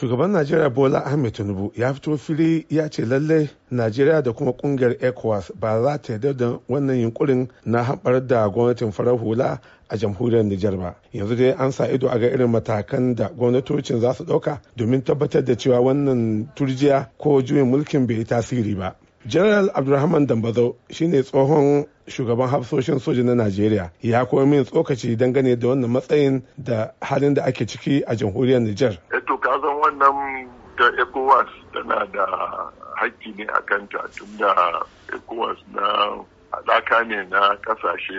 shugaban najeriya bola ahmed tinubu ya fito fili ya ce lallai najeriya da kuma kungiyar ecowas ba za ta yarda da wannan yunkurin na haɓar da gwamnatin farar hula a jamhuriyar nijar ba yanzu dai an sa ido a ga irin matakan da gwamnatocin za su ɗauka domin tabbatar da cewa wannan turjiya ko juyin mulkin bai yi tasiri ba general abdulrahman dambazo shine tsohon shugaban hafsoshin soja na najeriya ya kuma min tsokaci dangane da wannan matsayin da halin da ake ciki a jamhuriyar nijar zan wannan da ecowas tana da haƙƙi ne a kanta tun da ecowas na alaka ne na ƙasashe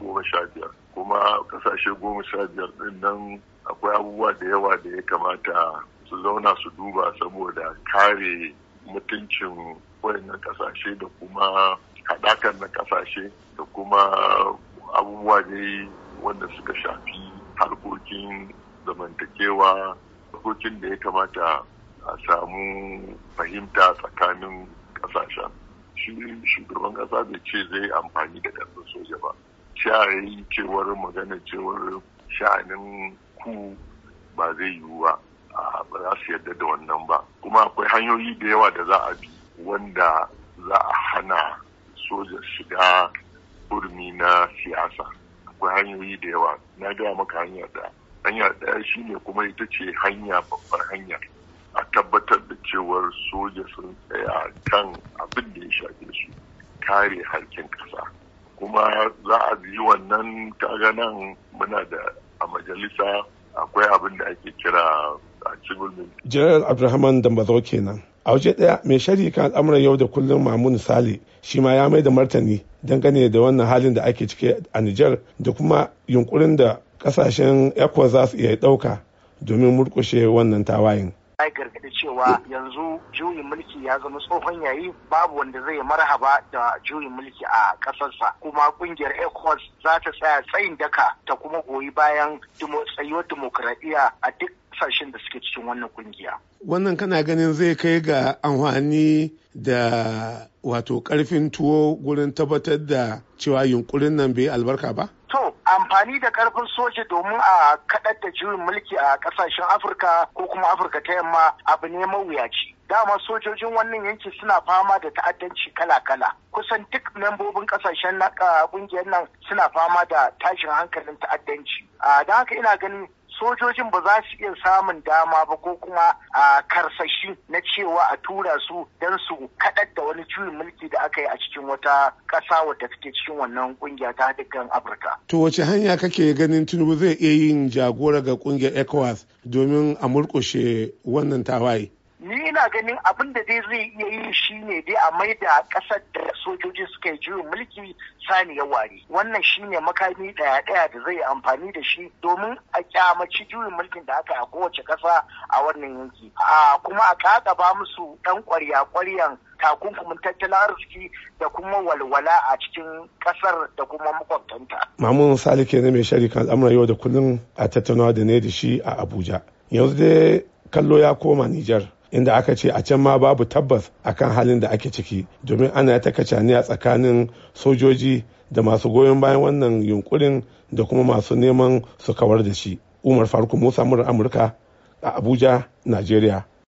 goma sha biyar kuma ƙasashe goma sha biyar ɗin nan akwai abubuwa da yawa da ya kamata su zauna su duba saboda kare mutuncin wayannan ƙasashe da kuma haɗakar na ƙasashe da kuma abubuwa dai wanda suka shafi harkokin zamantakewa dokokin da ya kamata a samu fahimta tsakanin ƙasashen shi shugaban ƙasa bai ce zai amfani da ƙarfin soja ba yi cewar magana cewar sha'anin ku ba zai yiwu ba ba za su yarda da wannan ba kuma akwai hanyoyi da yawa da za a bi wanda za a hana soja shiga urmi na siyasa akwai hanyoyi da yawa na gaya maka hanyar da hanya ɗaya shine kuma ita ce hanya babbar hanya a tabbatar da cewar soja sun tsaya kan abin da ya shafe su kare harkin ƙasa kuma za a yi wannan kaga nan muna da a majalisa akwai abin da ake kira a civil jiran da dambazo kenan a waje ɗaya mai shari kan al'amuran yau da kullum mamun sale shi ma ya mai da martani dangane da wannan halin da ake ciki a nijar da kuma yunkurin da kasashen ecowas za su iya ɗauka domin murkushe wannan tawayin ya gargaɗi cewa yanzu juyin mulki ya zama tsohon yayi babu wanda zai marhaba da juyin mulki a ƙasarsa kuma ƙungiyar ecos za ta tsaya tsayin daka ta kuma goyi bayan tsayuwar dimokuraɗiyya a duk ƙasashen da suke cikin wannan ƙungiya. wannan kana ganin zai kai ga amfani da wato ƙarfin tuwo gurin tabbatar da cewa yunkurin nan bai albarka ba? To, amfani da karfin soja domin a kaɗar da juyin mulki a ƙasashen Afirka ko kuma Afirka ta yamma abu ne mawuyaci. Dama sojojin wannan yanki suna fama da ta'addanci kala-kala. Kusan duk membobin ƙasashen na ƙungiyar nan suna fama da tashin hankalin ta'addanci. Don haka ina ganin sojojin ba za su iya samun dama ba ko kuma a karsashi na cewa a tura su don su kaɗar da wani juyin mulki da aka yi a cikin wata ƙasa wadda take cikin wannan kungiya ta dukkan afirka. to wace hanya kake ganin tinubu zai iya yin jagora ga ƙungiyar ecowas domin a murƙushe wannan tawaye. ina ganin abin da dai zai iya yi shine dai a maida kasar da sojoji suka yi juyin mulki ya ware wannan shine makami daya daya da zai amfani da shi domin a kyamaci juyin mulkin da aka yi a kowace kasa a wannan yanki a kuma a ba musu dan kwarya kwaryan takunkumin tattalin arziki da kuma walwala a cikin kasar da kuma makwabtanta. Mamun Sali ke mai kan al'amuran yau da kullum a tattaunawa da ne da shi a Abuja. Yanzu dai kallo ya koma Nijar. inda aka ce a can ma babu tabbas a kan halin da ake ciki domin ana ta a tsakanin sojoji da masu goyon bayan wannan yunkurin da kuma masu neman su kawar da shi umar farko musa murar amurka a abuja nigeria.